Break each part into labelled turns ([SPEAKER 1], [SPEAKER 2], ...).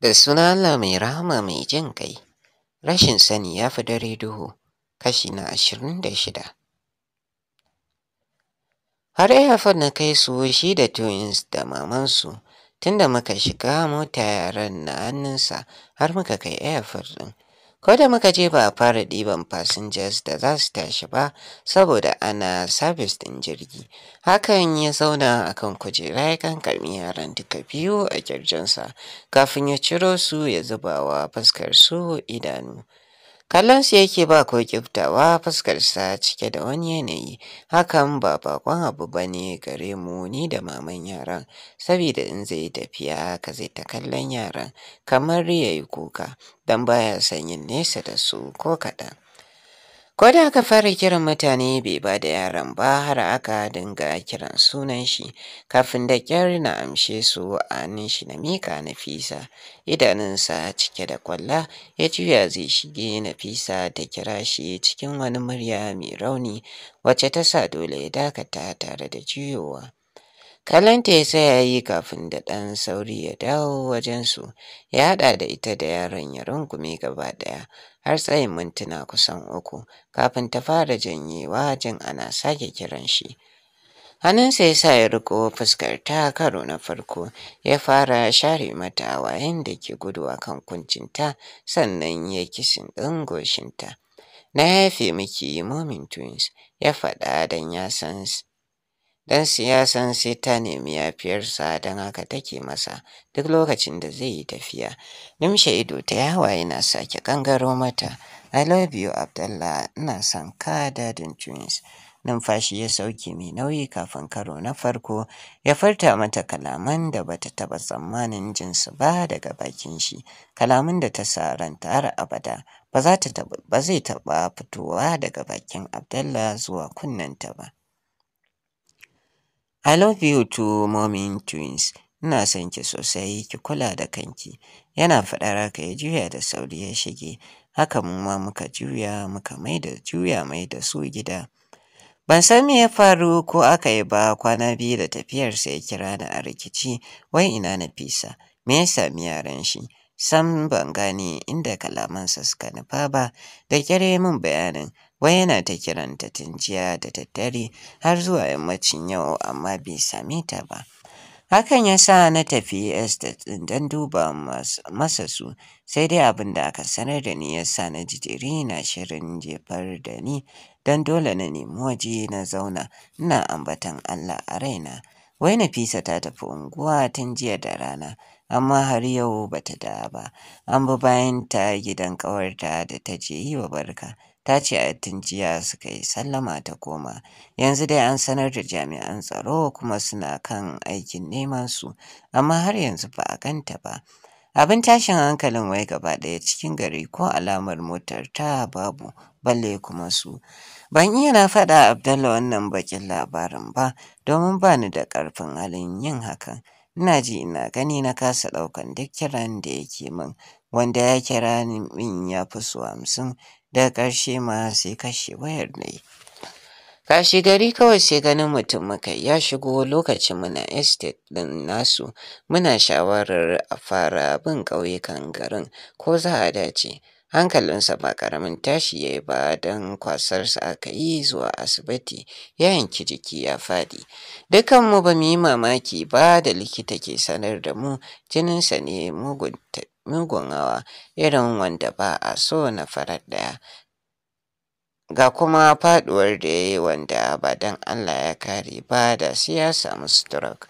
[SPEAKER 1] Da suna Allah mai rahama mai jin kai, rashin sani ya fi dare duhu, kashi na ashirin da shida. Har Airford na kai su shi da twins da mamansu, tunda muka shiga mota yaran na hannunsa har muka kai Airford ɗin. ko da muka je ba a fara ɗiban fasinjas da za su tashi ba saboda ana sabis ɗin jirgi hakan ya zauna a kan kujera ya kankami yaran duka biyu a kirjinsa kafin ya ciro su ya zubawa fuskar su idanu kallon su yake ba ko kiftawa fuskarsa cike da wani yanayi hakan ba bakon abu ba ne gare mu ni da maman yaran saboda in zai tafiya ka zai ta kallon yaran kamar ya yi kuka don baya son nesa da su ko kaɗan Ko da aka fara kiran mutane bai ba da yaran ba har aka dinga kiran sunan shi kafin da kyar na amshe su a shi na mika Nafisa idanunsa cike da kwalla ya juya zai shige Nafisa ta kira shi cikin wani murya mai rauni wacce ta sa dole ya dakata tare da juyowa. Kalanta ya tsaya yi kafin da ɗan sauri ya dawo wajensu, ya haɗa da ita da yaron ya rungume gaba ɗaya har tsayin mintuna kusan uku kafin ta fara janyewa jin ana sake kiran shi. Hannunsa ya sa ya riko fuskar ta karo na farko ya fara share mata wayan da ke gudu a kan kuncinta sannan ya kisin ɗin goshinta. Na haife miki momin twins ya faɗa don ya san Dan siyasan sai ta nemi yafiyarsa don haka take masa duk lokacin da zai yi tafiya. Nimshe ido ta yawa yana sake kangaro mata. I love you Abdallah, ina son ka dadin twins. Numfashi ya sauke mai nauyi kafin karo na farko ya farta mata kalaman da bata taba tsammanin jinsu ba daga bakin shi, kalaman da ta sa ranta har abada. Ba zai taɓa fitowa daga bakin Abdallah zuwa kunnenta ba. I love you too mommy twins. Ina son ki sosai ki kula da kanki. Yana faɗar haka ya juya da sauri ya shige. Haka mu ma muka juya muka mai da juya mai da su gida. Ban san me ya faru ko aka yi ba kwana biyu da tafiyarsa ya kira ni a rikici wai ina na fisa. Me ya sami yaran shi? Sam ban gane inda kalamansa suka nufa ba da kyare min bayanin wai yana ta kiranta tun jiya da daddare har zuwa yammacin yau amma bai same ta ba. Hakan ya sa na tafi da don duba masa su, sai dai abin da aka sanar da ni ya sa na jijiri na shirin jefar da ni don dole na nemi waje na zauna ina ambatan Allah a raina. Wai Nafisa ta tafi unguwa tun jiya da rana, amma har yau bata da ba, an bi bayan ta gidan ƙawarta da ta je yi wa barka, ta ce a tinjiya suka yi sallama ta koma yanzu dai an sanar da jami'an tsaro kuma suna kan aikin neman su amma har yanzu ba a ganta ba abin tashin hankalin wai gaba ɗaya cikin gari ko alamar motar ta babu balle kuma su ban iya na faɗa abdallah wannan bakin labarin ba domin ba ni da ƙarfin halin yin hakan ina ji ina gani na kasa ɗaukan duk kiran da yake min wanda ya kira ni min ya fi su hamsin da ƙarshe ma sai kashe wayar ne kashi gari kawai sai ganin mutum muka ya shigo lokacin muna estate din nasu muna shawarar a fara bin ƙauyukan garin ko za a dace hankalinsa ba ƙaramin tashi ya yi ba don kwasarsa aka yi zuwa asibiti ya yanki jiki ya faɗi dukanmu ba mu yi mamaki ba da likita ke sanar da mu jininsa ne mugun mugun hawa irin wanda ba a so na farar ɗaya. Ga kuma faɗuwar da ya yi wanda ba don Allah ya kare ba da siyasa ya stroke.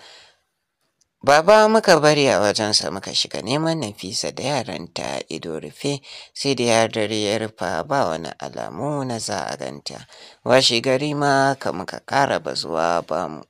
[SPEAKER 1] Baba muka bari a wajensa muka shiga neman Nafisa da yaran ta ido rufe sai da yardar ya rufa ba wani alamu na za a ganta. Washi gari ma ka muka ƙara bazuwa ba mu.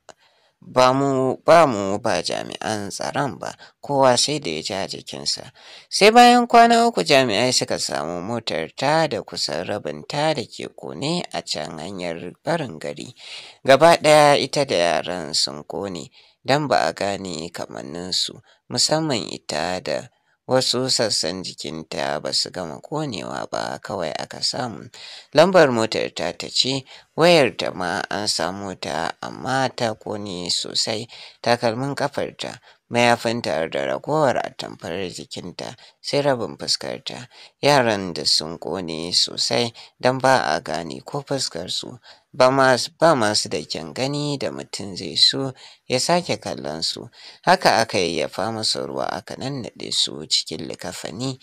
[SPEAKER 1] ba mu ba mu ba jami'an tsaron ba kowa sai da ya ja jikinsa sai bayan kwana uku jami'ai suka samu motar ta da kusan rabin ta da ke kone a can hanyar barin gari gaba ɗaya ita da yaran sun kone don ba a gane kamanninsu musamman ita da wasu sassan jikinta ba su gama konewa ba kawai aka samu lambar motar ta ta ce wayar ta ma an samu ta amma ta kone sosai takalmin kafarta mayafin da ragowar atamfar jikinta sai rabin fuskarta yaran da sun kone sosai don ba a gane ko fuskarsu ba masu da kyan gani da mutum zai so ya sake kallon su haka aka yi yayyafa masa ruwa aka nannaɗe su cikin likafani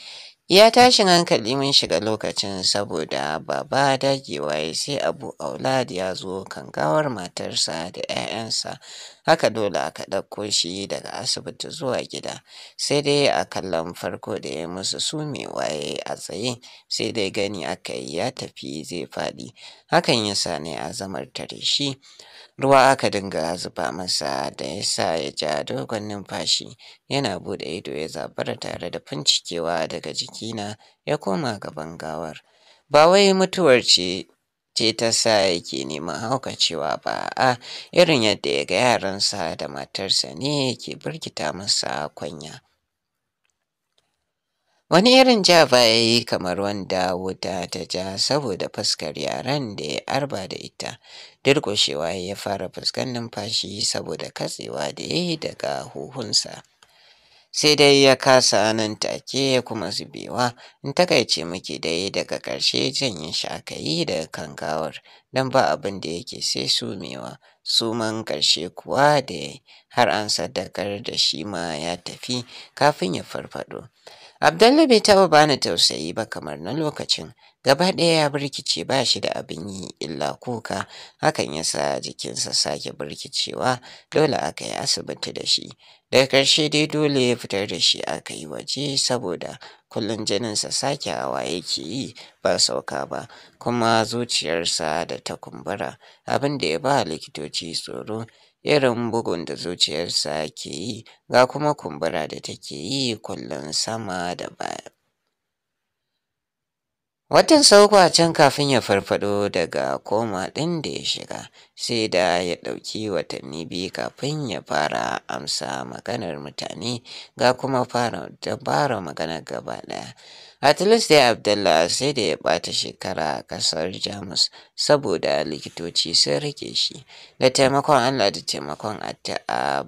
[SPEAKER 1] Ya tashin hankali mun shiga lokacin saboda baba dagewa ya sai Abu Aulad ya zo kan gawar matarsa da 'ya'yansa, haka dole aka ɗauko shi daga asibiti zuwa gida, sai dai a kallon farko da ya musu sume waye a tsaye, sai dai gani aka yi ya tafi zai faɗi, hakan ya sa ne azamar tare shi. ruwa aka dinga zuba masa da ya sa ya ja dogon numfashi yana bude ido ya zabara tare da fincikewa daga jikina ya koma gaban gawar ba wai mutuwar ce ce ta sa yake neman haukacewa ba a irin yadda ya ga yaransa da matarsa ne ke birgita masa kwanya Wani irin ja baya yi kamar wanda wuta ta ja saboda fuskar yaren da ya arba da ita. Durƙushewa ya fara fuskan numfashi saboda katsewa da ya yi daga huhunsa. Sai dai ya kasa nan take kuma zubewa, in takaice muke dai daga ƙarshe janye shi da yi kan gawar, don ba abin da yake sai sumewa, suman ƙarshe kuwa da har an sadakar da shi ma ya tafi kafin ya farfaɗo. Abdallah bai taɓa bani tausayi ba kamar na lokacin Gaba ɗaya ya birkice ba shi da abin yi illa kuka, hakan ya sa jikinsa sake birkicewa dole aka yi asibiti da shi. Daga ƙarshe dai dole ya fitar da shi aka yi waje saboda kullum jininsa sake hawa yake yi ba sauka ba, kuma zuciyarsa da ta kumbura, abin da ya ba likitoci tsoro. irin bugun da zuciyarsa ke yi ga kuma kumbura da take yi kullum sama da baya. Watan sauka can kafin ya farfado daga koma ɗin da ya shiga, sai da ya ɗauki watanni biyu kafin ya fara amsa maganar mutane ga kuma fara dabara maganar gaba ɗaya. At least Abdullah sai da ya ɓata shekara a ƙasar Jamus saboda likitoci sun rike shi, da taimakon Allah da taimakon atta'a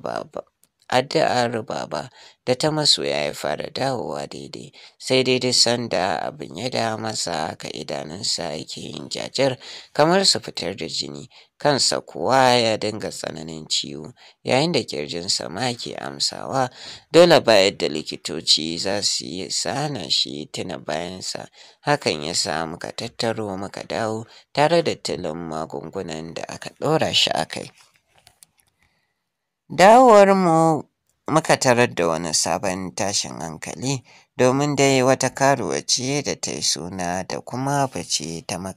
[SPEAKER 1] addu'ar baba da ta masoya ya fara dawowa daidai sai daidai sanda abin ya da masa ka idanunsa yake yin jajar kamar su fitar da jini kansa kuwa ya dinga tsananin ciwo yayin da kirjinsa ma ke amsawa dole ba yadda likitoci za su yi sana shi tuna bayansa hakan ya sa muka tattaro muka dawo tare da tilin magungunan da aka ɗora shi a kai mu muka tarar da wani sabon tashin hankali domin dai wata karuwa ce da ta yi suna da kuma bace ta wa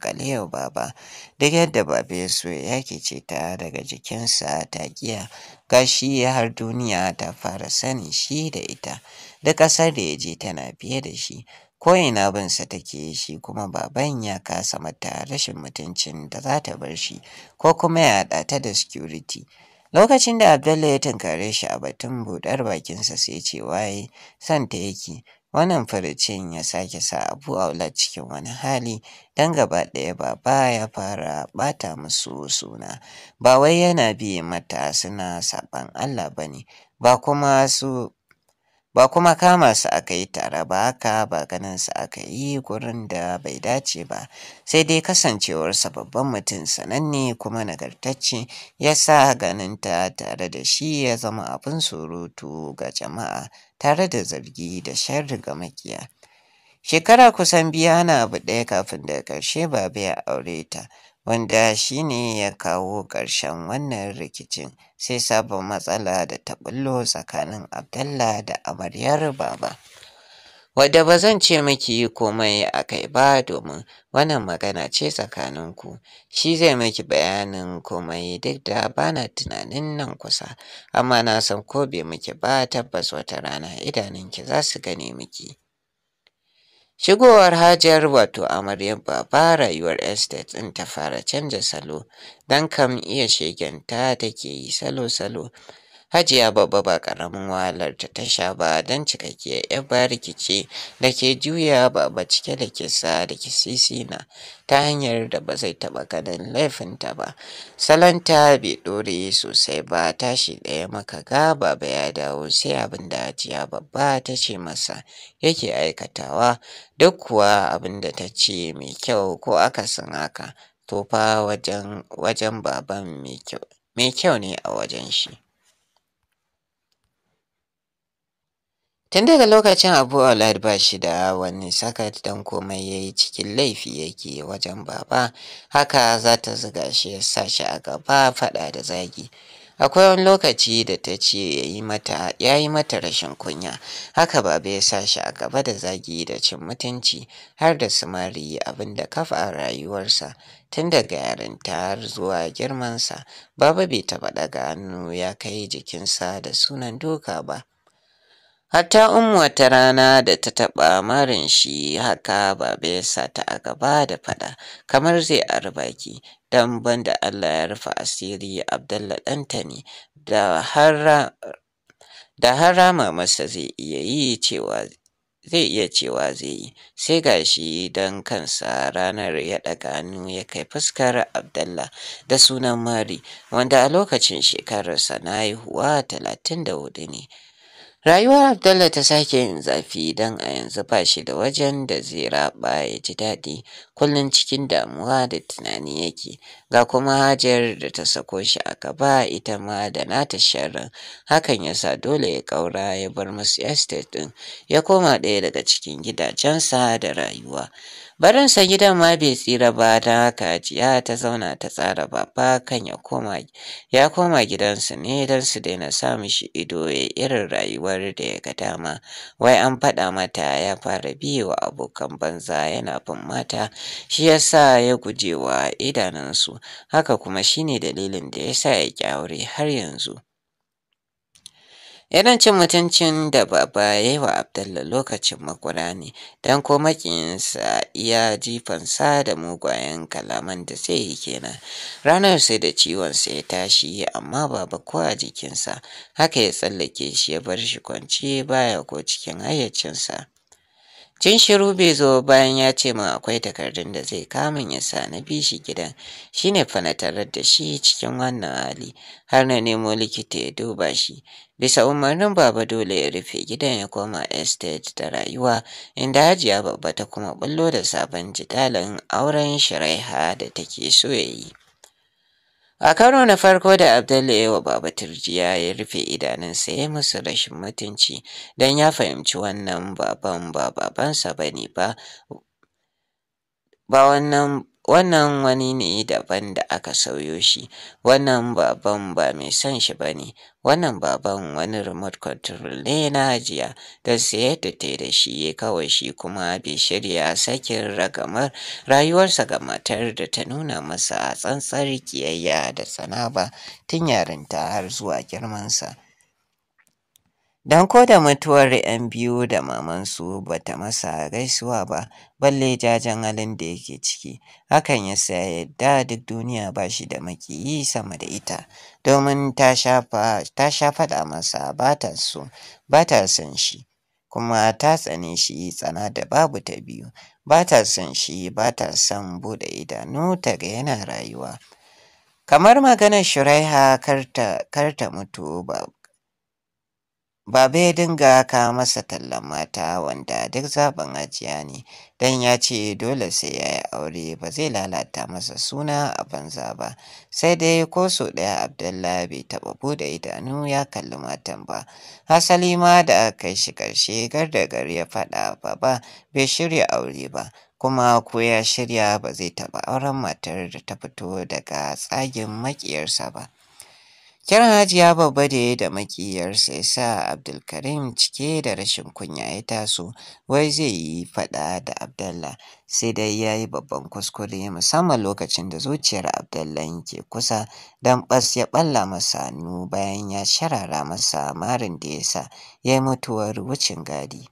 [SPEAKER 1] baba duk yadda baba ya so ya ce ta daga jikinsa ta giya gashi har duniya ta fara sani shi da ita da ƙasar da ya je tana fiye da shi Ko ko'ina binsa take shi kuma baban ya kasa mata rashin mutuncin da za ta bar shi ko kuma ya ɗata ta da security Lokacin da Abdullah ya tunkare shi a batun buɗar bakinsa sai ce waye son ta yake wannan furucin ya sake sa Abu Aula cikin wani hali dan gaba ɗaya baba ya fara ɓata musu suna ba wai yana bi mata suna saba'n Allah bane ba kuma su ba kuma kama su aka yi tare ba haka ba ganin su aka yi gurin da bai dace ba sai dai kasancewarsa babban mutum sananne kuma nagartacce ya sa ganin ta tare da shi ya zama abin surutu ga jama'a tare da zargi da sharri ga makiya shekara kusan biya na abu ɗaya kafin da ƙarshe ba ya aure ta wanda shi ne ya kawo ƙarshen wannan rikicin sai sabon matsala da ta ɓullo tsakanin abdalla da amaryar baba. Wadda ba zan ce miki komai a kai ba domin wannan magana ce tsakaninku, shi zai miki bayanin komai duk da bana tunanin nan kusa, amma na san ko bai miki ba tabbas wata rana idanunki za su gane miki. Shigowar Hajiyar wato amaryar baba rayuwar estate ɗin ta fara canza salo, don kam iya shegenta take yi salo-salo Hajiya babba ba ƙaramin wahalar ta ta sha ba don cikakkiyar 'yar barikici da ke juya baba cike da kisa da na ta hanyar da ba zai taɓa ganin laifinta ba. Salanta bai ɗore sosai ba tashi ɗaya maka ga baba ya dawo sai abin da Hajiya babba ta ce masa yake aikatawa duk kuwa abin da ta ce mai kyau ko akasin haka. to fa wajen baban mai kyau ne a wajen shi. Tun daga lokacin Abu Aulad ba shi da wani sakat don komai ya yi cikin laifi yake wajen baba, haka za ta zuga shi ya sa shi a gaba faɗa da zagi. Akwai wani lokaci da ta ce ya yi mata rashin kunya, haka baba ya sa shi a gaba da zagi da cin mutunci har da sumari abin da kafa a rayuwarsa tun daga yarinta har zuwa girmansa, baba bai taɓa daga hannu ya kai jikinsa da sunan doka ba. Hatta umu wata rana da ta taɓa marin shi haka baba ya sa ta a gaba da faɗa kamar zai ari baki dan banda Allah ya rufe asiri Abdalla ɗanta ne da har rama masa zai iya yi cewa zai iya cewa zai yi sai gashi don kansa ranar ya ɗaga hannu ya kai fuskar abdallah da sunan mari wanda a lokacin shekararsa na haihuwa talatin da hudu ne Rayuwar Abdullah ta sake yin zafi don a yanzu ba shi da wajen da zai raba ya ji daɗi, kullum cikin damuwa da tunani yake, ga kuma hajiyar da ta sako shi a gaba ita ma da nata sharrin, hakan ya sa dole ya ƙaura ya bar musu estate ɗin, ya koma ɗaya daga cikin gidajensa da rayuwa. Barinsa gidan ma bai tsira ba don haka ajiya ta zauna ta tsara baba kan ya koma ya koma gidansu ne don su daina sa mishi ido ya irin rayuwar da ya ga dama. Wai an faɗa mata ya fara biye wa abokan banza yana fin mata shi yasa ya gujewa idanunsu haka kuma shine dalilin da yasa ya ƙyaure har yanzu. Irin cin mutuncin da baba ya yi wa Abdullah lokacin makura ne, don ko ya iya jifansa da mugayen kalaman da sai yi kenan. Ranar sai da ciwon sa ya tashi amma baba ko a jikinsa, haka ya tsallake shi ya bar shi kwance baya ko cikin hayyacinsa. Cin shiru bai zo bayan ya ce min akwai takardun da zai kamun ya sa na bi shi gidan shi ne fanatarar da shi cikin wannan hali har na nemo likita ya duba shi bisa umarnin baba dole ya rufe gidan ya koma estate da rayuwa inda hajiya babba ta kuma bullo da sabon jidalin auren shiraiha da take so ya yi. A karo na farko da Abdullu ya wa Baba Turjiya ya rufe idanunsa ya musu rashin mutunci don ya fahimci wannan baban ba babansa ba ne ba, ba wannan wannan wani ne daban da aka sauyo shi, wannan baban ba mai son shi ba ne, wannan baban wani remote control ne na ajiya da sayar da ta da shi kawai shi kuma bai shirya sakin ragamar rayuwarsa ga matar da ta nuna masa a tsantsar kiyayya da tsana ba tun yarinta har zuwa girmansa. Don ko da mutuwar ‘yan biyu da mamansu ba ta masa gaisuwa ba, balle jajen halin da yake ciki, hakan ya sa yadda duk duniya ba shi da maƙiyi sama da ita, domin ta sha faɗa masa ba ta son shi, kuma ta tsane shi tsana da babu ta biyu, ba ta son shi ba ta son buɗe idanu ta ga yana rayuwa. Kamar maganar Shuraiha kar ta mutu ba. Baba ya dinga ka masa tallan mata wanda duk zaɓen ajiya ne, dan ya ce dole sai ya yi aure ba zai lalata masa suna a banza ba, sai dai ko so ɗaya Abdullah bai taɓa buɗe idanu ya kalli matan ba. Hasali ma da aka kai shi ƙarshe gar da gari ya faɗa baba bai shirya aure ba. kuma ko ya shirya ba zai taɓa auren matar da ta fito daga tsagin maƙiyarsa ba. Kiran Hajiya babba da ya da makiyarsa ya sa Abdulkarim cike da rashin kunya ya taso wai zai yi faɗa da Abdallah sai dai ya yi babban kuskure musamman lokacin da zuciyar Abdallah yake kusa dan bas ya ɓalla masa hannu bayan ya sharara masa marin da ya sa ya yi mutuwar wucin gadi.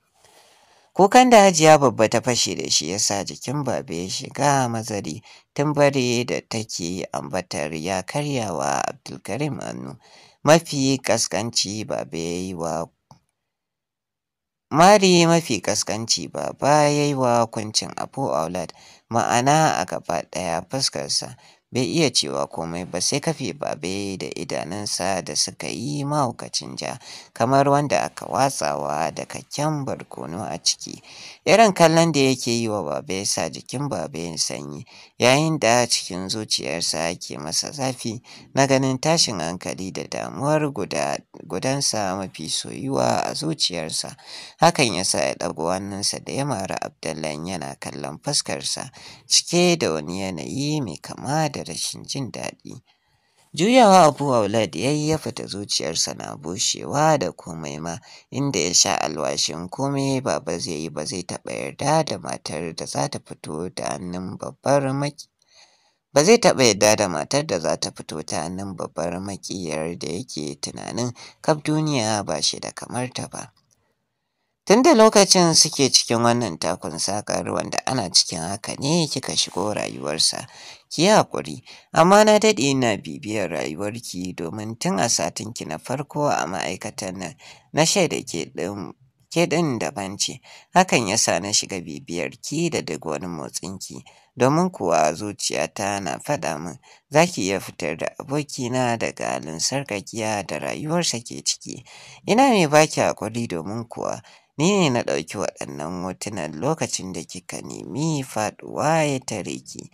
[SPEAKER 1] Kukan da hajiya babba ta fashe da shi yasa jikin babe ya shiga mazari tun bari da take ambatar ya karyawa Abdulkarim Anu, Mafi kaskanci babe ya yi wa Mari mafi kaskanci baba ya yi wa kuncin Abu Aulad ma'ana a gaba ɗaya fuskarsa bai iya cewa komai ba sai kafe babe da idanunsa da suka yi mahaukacin ja kamar wanda aka watsawa da kakken barkono a ciki irin kallon da yake yi wa babe sa jikin babe sanyi yayin da cikin zuciyarsa ke masa zafi na ganin tashin hankali da damuwar gudansa mafi soyuwa a zuciyarsa hakan ya sa ya ɗago hannunsa da ya mara abdallan yana kallon fuskarsa cike da wani yanayi mai kama da da rashin jin daɗi. Juyawa Abu Aulad ya yi ya fita zuciyarsa na bushewa da komai ma inda ya sha alwashin komai baba zai yi ba zai taɓa yarda da matar da za ta fito da hannun babbar maki. Ba zai taɓa yarda da matar da za ta fito ta hannun babbar makiyar da yake tunanin kaf duniya ba shi da kamar ta ba. Tun da lokacin suke cikin wannan takun sakar wanda ana cikin haka ne kika shigo rayuwarsa, ki yi haƙuri, amma na daɗe ina bibiyar rayuwarki domin tun a satin ki na farko a ma'aikatan nan na shaida ke ɗin ke ɗin daban ce, hakan ya sa na shiga bibiyar ki da duk wani motsin ki, domin kuwa zuciyata na faɗa min za ki iya fitar da abokina daga halin sarƙaƙiya da rayuwarsa ke ciki. Ina mai baki haƙuri domin kuwa ni ne na ɗauki waɗannan hotunan lokacin da kika nemi faɗuwa ya tare ki.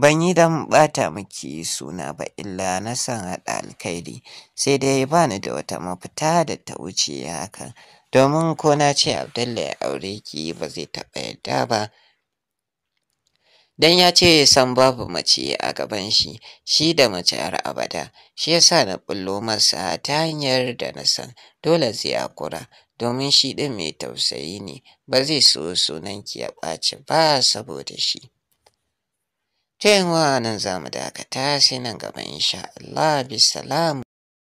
[SPEAKER 1] ban yi don ɓata miki suna ba illa na san haɗa alkhairi sai dai ba ni da wata mafita da ta wuce hakan domin ko na ce abdulla ya aure ki ba zai taɓa yadda ba dan ya ce san babu mace a gaban shi shi da mace har abada shi yasa na bullo masa ta hanyar da na san dole zai hakura domin shi ɗin mai tausayi ne ba zai so sunan ki ya ɓaci ba saboda shi Ta nan za mu dakata sai nan gaba insha Allah bisalamu.